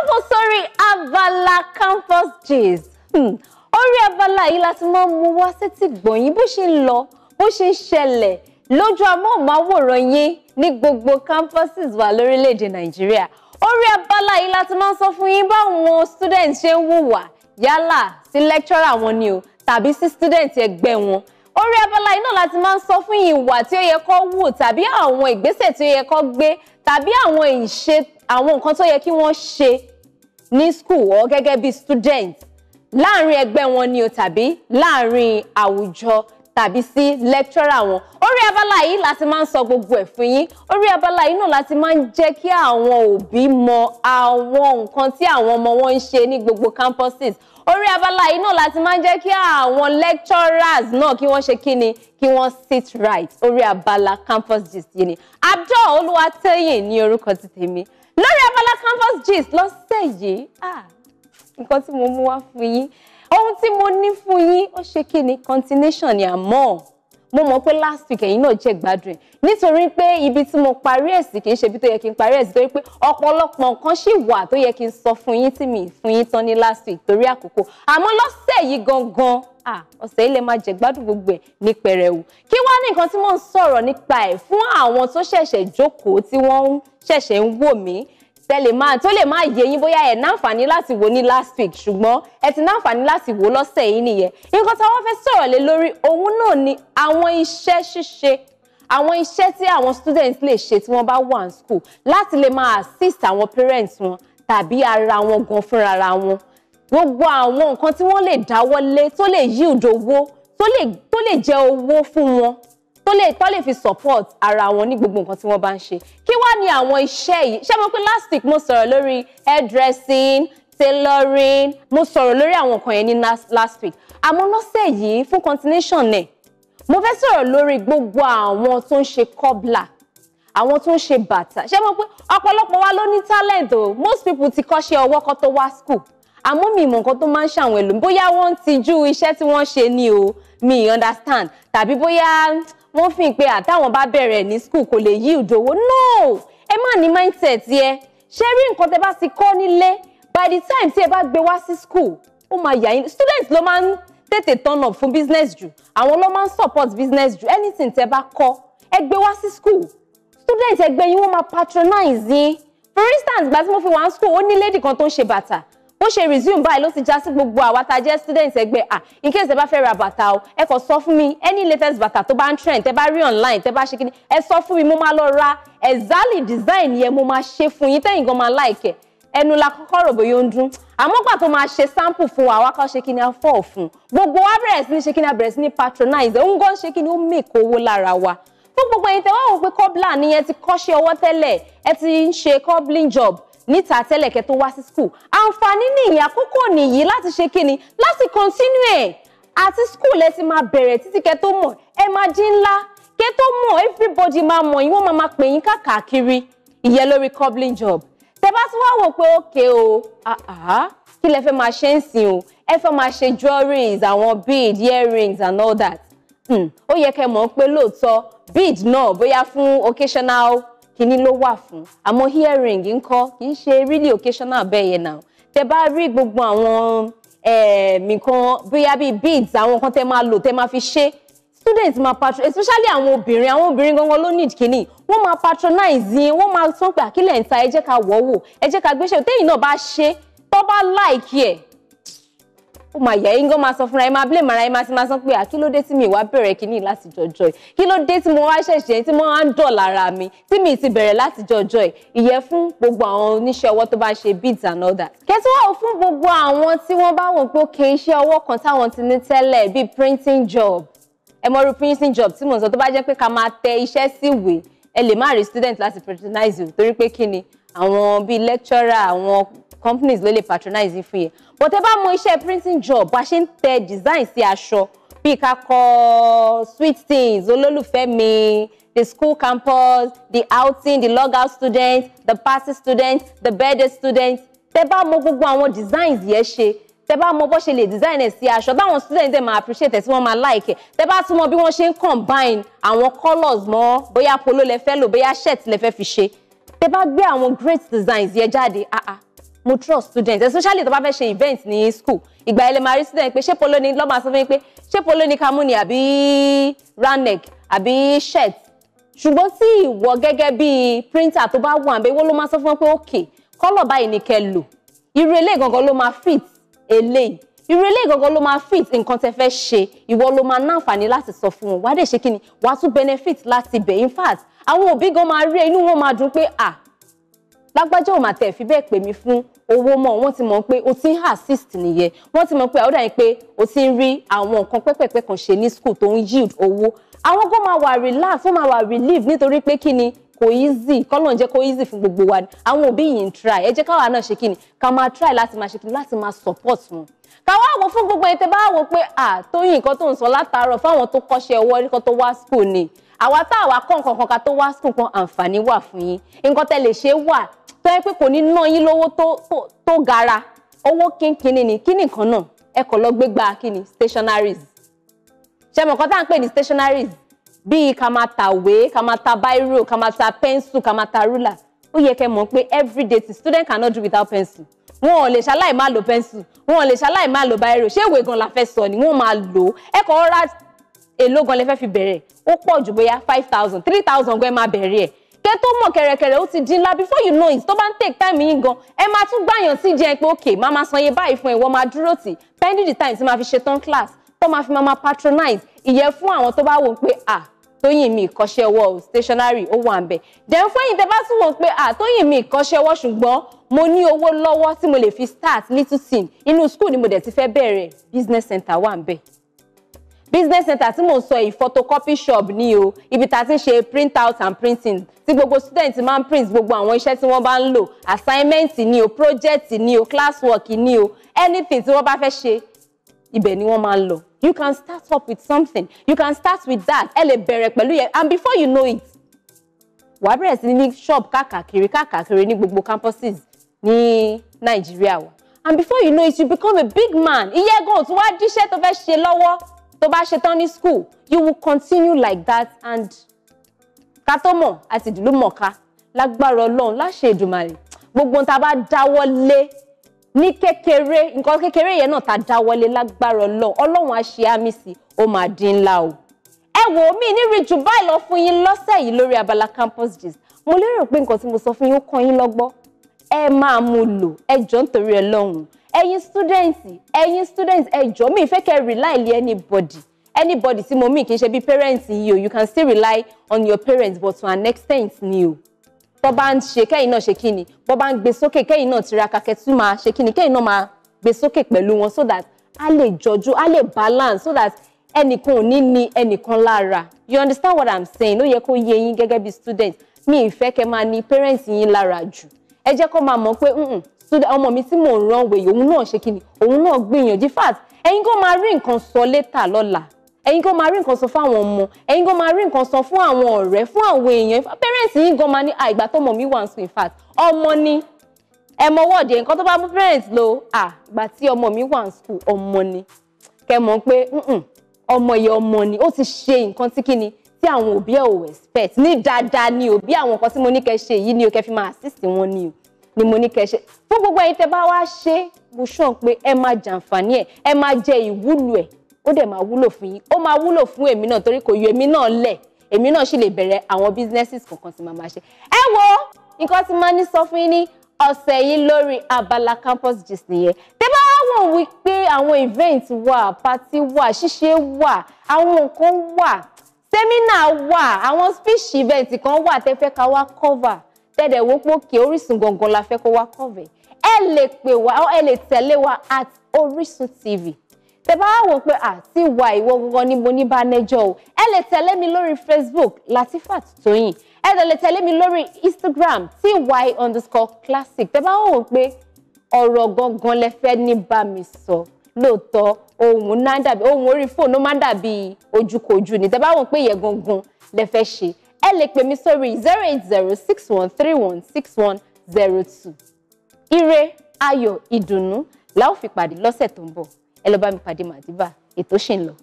káàbọ̀ sórí abala campus jays. Hmm. orí abala yìí láti máa mú wá sétí gbọ̀nyìn bó ṣe ń lọ bó ṣe ń ṣẹlẹ̀ lójú amóhùnmáwòrán yín ní gbogbo campuses wa lórílẹ̀‐èdè nàìjíríà orí abala yìí láti máa sọ fún yín báwọn students ṣe ń hùwà yálà sí lecturer wọn ni o tàbí sí students ẹgbẹ́ wọn orí abala yìí náà láti máa ń sọ fún ìwà tí ó yẹ kó wù tàbí àwọn ìgbésẹ̀ tí ó yẹ kó gbé tàbí àwọn ìṣe àwọn nǹkan tó yẹ kí wọ́n ṣe ní school ọ gẹ́gẹ́ bí student láàrin ẹgbẹ́ wọn ni o tàbí láàrin àwùjọ tàbí sí lecturer wọn orí abala yìí láti máa ń sọ gbogbo ẹ̀ fún yín orí abala yìí náà láti máa ń jẹ́ kí àwọn òbí mọ àwọn nǹkan tí àwọn ọmọ wọn ń ṣe ní gbogbo campuses orí abala yìí náà láti máa ń jẹ́ kí àwọn lecturers náà kí wọ́n ṣe kí ni kí wọ́n sit right orí abala campus gist yìí ni Abdul Olúwatóyìn ní orúkọ ti tèmi lórí abala campus gist lọ́sẹ̀ yìí nǹkan tí mo mú wá fún yín ohun tí mo ní fún yín ó ṣe kí ni continuation ni àmọ́ mo mọ̀ pé last week ẹ̀yin náà jẹ́ gbádùn ẹ̀ nítorí pé ibi tí mo parí ẹ̀ sí kì í ṣe ibi tó yẹ kí n parí ẹ̀ torí pé ọ̀pọ̀lọpọ̀ nǹkan ṣì wà tó yẹ kí n sọ fún yín tí mi fún yín tán ní last week torí àkókò àmọ́ lọ́sẹ̀ yìí gangan ọ̀sẹ̀ ilẹ̀ máa jẹ gbádùn gbogbo ẹ̀ ní pẹrẹwu kí wá ní nǹkan tí mò ń sọ̀rọ̀ nípa ẹ̀ fún àwọn tó ṣẹ̀ṣẹ̀ jókòó tí wọ́n ṣẹ̀ṣẹ̀ ń wò mí tẹ́lẹ̀ máa tó lè máa yé yín bóyá ẹ̀ náǹfààní láti wò ní last week ṣùgbọ́n ẹ ti náǹfààní láti wò lọ́sẹ̀ yìí nìyẹn nǹkan tí wọ́n fẹ́ sọ̀rọ̀ lé lórí òun náà ni àwọn iṣẹ́ ṣíṣe àwọn iṣẹ́ tí àwọn students lè ṣe tí wọ́n bá wà ní school láti lè máa assist àwọn parents wọn tàbí ara wọn gan fúnra wọn gbogbo àwọn nǹkan tí wọ́n lè dáwọ́ lé tó lè yí ìdòwò tó lè jẹ́ owó fún wọn tó lè tó lè fi support ara wọn ní gbogbo nǹkan tí wọ́n bá ń ṣe kí wá ni àwọn iṣẹ́ yìí ṣé mo pé last week mo sọ̀rọ̀ lórí hairdressing tailoring mo sọ̀rọ̀ lórí àwọn nǹkan yẹn ní last week àmọ́ lọ́sẹ̀ yìí fún continuation nẹ̀ mo fẹ́ sọ̀rọ̀ lórí gbogbo àwọn tó ń ṣe cobbler àwọn tó ń ṣe bàtà ṣé mo pé ọ̀pọ̀lọpọ̀ wa ló ní talent o most people ti kọ́ṣẹ́ ọwọ́ kó tó wá school àmọ́ mi ìmọ̀ nǹkan tó máa ń ṣàwọn èlò bóyá wọ́n ti tijú iṣẹ́ tí wọ́n ṣe ni o mi understand tàbí bóyá wọ́n fi pé àtàwọn bá bẹ̀rẹ̀ ní school kò lè yí ìdòwò no ẹ má ní mindset yẹ ṣé rí nǹkan tẹ bá ti kọ́ nílé by the time tí ẹ bá gbé wá sí school ó máa yà yín student ló máa ń tètè turn up fún business jù àwọn ló máa ń support business jù anything tẹ bá kọ́ ẹ gbé wá sí school student ẹgbẹ́ yín wọ́n máa patronize yín for instance gbàtí mo fi wá school ó ní lady kan tó ń ṣe bàtà ó ṣe resume báyìí ló ti já sí gbogbo àwa tá a jẹ́ students ẹgbẹ́ à ah, in case ẹ bá fẹ́ ra bàtà o ẹ kò sọ fún mi any latest bàtà tó bá ń trend tẹ bá rí online tẹ bá ṣe kíni ẹ sọ fún mi mo máa lọ ra exactly design yẹn mo máa ṣe fún yín tẹ́yìn gan máa like ẹ ẹnu la kọ́kọ́ rò bóyá ó ń dún àmọ́ pàtó máa ṣe sample fún wa àwa kan ṣe kíni afọ́ fún gbogbo wa bẹ̀rẹ̀ sí ní ṣe kíni abẹ̀rẹ̀ sí ní patronize òun gan ṣe kíni ó make owó lára wa fún gbogbo ẹ̀yin tẹ wá wò pé cobbler ni ẹ ti kọ́ṣẹ́ ọwọ́ tẹ́lẹ̀ ẹ ti ń ṣe cobbling job níta tẹ́lẹ̀ kẹ́ tó wá sí school àǹfààní nìyẹn àkókò nìyí láti ṣe kíni láti continue ẹ̀ àti school ẹ ti máa bẹ̀rẹ̀ títí kẹ́ tó mọ̀ ẹ máa di ńlá kẹ́ tó mọ̀ everybody máa mọ̀ yín wọ́n máa máa pè yín káàkiri ìyẹn lórí cobbling job tẹ́ bá tún wá wò pé ókè o kí lẹ fẹ́ máa ṣe ń sìn o ẹ fẹ́ máa ṣe jewelries àwọn bead earrings and all that hmm, ó yẹ kẹ́ mọ̀ pé lóòótọ́ bead náà bóyá fún occasional kínní ló wà fún àmọ́ hearing ńkọ́ kì í ṣe really occasional bẹ́ẹ̀ yẹn náà tẹ bá rí gbogbo àwọn eh, nǹkan bóyá bíi beads àwọn nǹkan tẹ máa lò tẹ máa fi ṣe students ma patron especially àwọn obìnrin àwọn obìnrin gangan ló need kínní wọ́n ma patronize yín wọ́n máa sọ pé àkílẹ̀ ń ta ẹ jẹ́ ká wọ̀ wò ẹ jẹ́ ká gbéṣẹ́ tẹ́yìn náà bá ṣe tó bá like ẹ̀ ó máa yà yín gan máa sọ fúnra ẹ máa blame ara ẹ máa ti máa sọ pé à kí ló dé tí mi wá bẹ̀rẹ̀ kínní láti jọjọ́ ẹ kí ló dé tí mo wá ṣẹ̀ṣẹ̀ tí mo wá ń dọ̀là ara mi tí mi ti bẹ̀rẹ̀ láti jọjọ́ ẹ ìyẹn fún gbogbo àwọn oníṣẹ́ ọwọ́ tó bá ṣe beads and all that. kẹtíwọ́ fún gbogbo àwọn tí wọ́n bá wọ̀ pé ó kè iṣẹ́ ọwọ́ kan táwọn ti ní tẹ́lẹ̀ bíi printing job ẹ mọ irú printing job tí mò ń sọ tó bá jẹ́ pé student láti patronize torí pé kí ni àwọn bíi lecturer àwọn companies ló lè patronize fún yẹn but ẹ bá mọ iṣẹ́ printing job bá ṣe ń tẹ design sí aṣọ bíi ká kọ sweet things olólùfẹ́ mi the school campus the outing the logout students, the party students, the birthday students. tẹ bá mọ gbogbo àwọn designs yẹn ṣe tẹ bá mọ bó ṣe lè design ẹ sí aṣọ táwọn students ẹ máa appreciate ẹ tí wọn máa like ẹ tẹ bá tún mọ bí wọn ṣe ń combine àwọn colours mo. Boya polo le fe lo, boya shirt le fe fi ṣe tẹ bá gbé àwọn great designs yẹn jáde ah ah mo trust students especially tó bá fẹ́ ṣe event ní school ìgbà yẹn lè máa rí student pé ṣé polo ni lọ́ọ́ máa sọ fún mi pé ṣé polo ni ká mú ni àbí round neck àbí shirt ṣùgbọ́n tí ìwọ gẹ́gẹ́ bí printer tó bá wà àbẹ̀wò ló máa sọ fún wọn pé ok kọ́lọ̀ báyìí ni kẹ́ lò irú eléyìí gangan ló máa fit eléyìí irú eléyìí gangan ló máa fit nǹkan tẹ́ fẹ́ ṣe ìwọ ló máa náǹfààní láti sọ fún wọn wá dé ṣe kí ni wàá tún benefit láti bẹ̀ in fact àwọn òbí gan máa rí inú wọn máa dùn pé ah lágbájá ò mà tẹ̀ fi bẹ́ẹ̀ pè mí fún owó mọ́ wọ́n ti mọ̀ pé o ti ń assist nìyẹn wọ́n ti mọ̀ pé àwọn dàbí pé o ti ń rí àwọn nǹkan pẹ́pẹ̀pẹ́ kan ṣe ní school tó ń yield owó àwọn kó máa wà relax ó máa wà relief nítorí pé kí ni kò easy kọ́lọ̀ ń jẹ́ kó easy fún gbogbo wa àwọn òbí yìí ń try ẹ jẹ́ káwa náà ṣe kí ni ká máa try láti máa ṣe kí ni láti máa support wọn káwá wò fún gbogbo ẹ̀ tẹ́ bá wò pé à Tóyìn nǹkan tó ń sọ látàárọ̀ fáwọn tó kọ́ṣẹ́ ọwọ́ nǹkan tó wá school ni àwa tá àwa kọ́ nǹkan kan ká tó wá school kan àǹfààní wà fún yín nǹkan tẹ́ lè ṣe wà tẹ́ pé kò ní ná yín lówó tó gara owó kínkínní ni kíní kan náà ẹ kò lọ gbégbá kíni stationaries ṣe mọ̀ nǹkan tá à ń pè ní stationaries bíi ká máa tàwé ká máa ta bírò ká máa ta pencil ká máa ta ruler ó yẹ kẹ́ mọ̀ pé everyday the student cannot do without pencil wọn ò lè ṣaláì máa lo pencil wọn ò lè ṣaláì máa lo bírò ṣé ìwé gan la fẹ́ sọ ni wọ́n máa lò ó ẹ kọ́ ra èló gan lè fẹ́ fi bẹ̀rẹ̀ ó pọ̀ jù bóyá five thousand three thousand gan ẹ máa bẹ̀rẹ̀ ẹ̀ kẹ́ tó mọ̀ kẹ̀rẹ̀kẹ̀rẹ̀ ó ti dín lá before you know it tó bá ń take time yín gan ẹ máa tún gbàyàn sí jẹ́ pé okay máa máa san iye báyìí fún ẹ wọ́n máa dúró tì pending the time tí máa fi ṣetán class tó máa fi máa patronize ìyẹn fún àwọn tó bá wò ó pé ah tóyìn mi ìkọ́ṣẹ́ ọwọ́ stationary ó wà ń bẹ̀. then fún ẹ̀yin tẹ́ bá tún wò ó pé àtóyìn mi ìkọ́ṣẹ́ ọwọ́ ṣùgbọ́n mo ní owó lọ́wọ́ tí mo lè fi start little thing inú school ni mo dẹ̀ ti fẹ́ bẹ̀rẹ̀ business center wà ń business center tí mò ń sọ yìí photocopy shop ni o ibi tá a ti ń ṣe print out and printing tí gbogbo student máa ń print gbogbo àwọn iṣẹ́ tí wọ́n bá ń lò assignment ni o project ni o classwork ni o anything tí wọ́n bá fẹ́ ṣe ibẹ̀ ni wọ́n máa ń lọ you can start up with something you can start with that ẹ lè bẹ̀rẹ̀ pẹ̀lú yẹn and before you know it wàá bẹ̀rẹ̀ sí ní shop káàkiri káàkiri ní gbogbo campuses ní nàìjíríà wa and before you know it you become a big man iye gan òtún wá díṣẹ́ tó fẹ́ ṣe lọ́wọ́ tó bá ṣetán ní school you will continue like that and ká tó mọ̀ àti ìdílú mọ̀ká lágbára ọlọ́run láṣẹ ìdùmarè gbogbo ohun tá a bá dáwọ́ lé ní kékeré nǹkan kékeré yẹn náà tá a dáwọ́ lé lágbára ọlọ́run ọlọ́run á ṣe àmì sí ó máa dín ńlá o. ẹ wò mí nírí jù báyìí lọ fún yín lọ́sẹ̀ yìí lórí abala campus gist mo lérò pé nǹkan tí mo sọ fún yín ó kàn yín lọ́gbọ́n ẹ máa mú lò ẹ jọ nítorí ẹ lọ́hùn-ún ẹ̀yin students ẹ̀yin students ẹ jọ̀ọ́ mi fẹ́ kẹ́ rely lé anybody anybody tí mo mí kì í ṣe bí parents yìí o you can still rely on your parents but to an extent ni o bọ́ bá ń ṣe kẹ́yìn náà ṣe kí ni bọ́ bá ń gbé sókè kẹ́yìn náà tiraka kẹ́tù máa ṣe kí kẹ́yìn náà máa gbé sókè pẹ̀lú wọn so that a lè jọjú a lè balance so that ẹnìkan ò ní ní ẹnìkan lára you understand what i'm saying ó yẹ kó yé yín gẹ́gẹ́ bí student mi ìfẹ́ kẹ́ máa ní parents yín lára jù ẹ jẹ́ kó máa mọ̀ pé ọmọ mi tí mò ń rán wèyí òun náà ṣe kí ni òun náà gbìyànjú fat ẹ̀yin kò máa rí nǹkan sọ létà lọ́la ẹ̀yin kò máa rí nǹkan sọ fún àwọn ọmọ ẹ̀yin kò máa rí nǹkan sọ fún àwọn ọ̀rẹ́ fún àwọn èèyàn parents yìí gan máa ní àìgbà ah, tó mọ̀ mí wà ń sùn in fact ọmọ ni ẹ mọ wọ́ọ̀dì nǹkan tó bá mú parents lo àgbà ah, tí ọmọ mi wà ń sùn ọmọ ni kẹ mọ̀ pé ọmọ yẹ ọmọ ni ó ti ṣe nǹkan tí kí ni tí àwọn òbí ẹ̀ ò expect ní dáadáa ni òbí àwọn nǹkan tí mo ní kẹ́ ṣe yìí ni o kẹ́ fi máa assist wọn ni o ni mo ní kẹ́ ṣe fún gbogbo ẹ̀yin tẹ́ bá wá ṣe mo ṣàn pé ẹ máa jàǹfààní ẹ̀ ẹ máa jẹ ìwúlò ẹ̀ ó dẹ̀ máa wúlò fún yín ó máa wúlò fún èmi náà torí kò yọ èmi náà lẹ̀ èmi náà sì lè bẹ̀rẹ̀ àwọn businesses kankan tí màá máa ṣe ẹ wo nǹkan tí màá ní sọ fún yín ní ọ̀sẹ̀ yìí lórí abala campus gist nìyẹn tẹ́ bá wọ́n wí pé àwọn event wà party wà ṣíṣe wà àwọn nǹkan wà sẹ́mínà wà àwọn speech event kan wà tẹ́ fẹ́ ká wá cover tẹ́dẹ̀ wó pókè Orísun gangan la fẹ́ kó wá kọ̀wé ẹ lè pè wá ẹ lè tẹ̀lé wa at Orísun TV tẹ bá wò pé àti wà ìwọ gangan ni mo ní bá nẹjọ o ẹ lè tẹ̀lé mi lórí Facebook Latifat Tóyìn ẹ lè tẹ̀lé mi lórí Instagram ty underscore classic tẹ bá wò pé ọ̀rọ̀ gangan lẹ fẹ́ ní bá mi sọ lóòótọ́ ohun náà dàbí ohun orí fóònù máa ń dàbí ojúkojú ní tẹ bá wò pé ìyẹn gangan lẹ fẹ́ ṣe ẹ lè pè mí sórí zero eight zero six one three one six one zero two ire ayọ̀ ìdùnnú la ó fi pàdé lọ́sẹ̀ tó ń bọ̀ ẹ lọ bá mi pàdé màdìbà ètò ṣì ń lọ.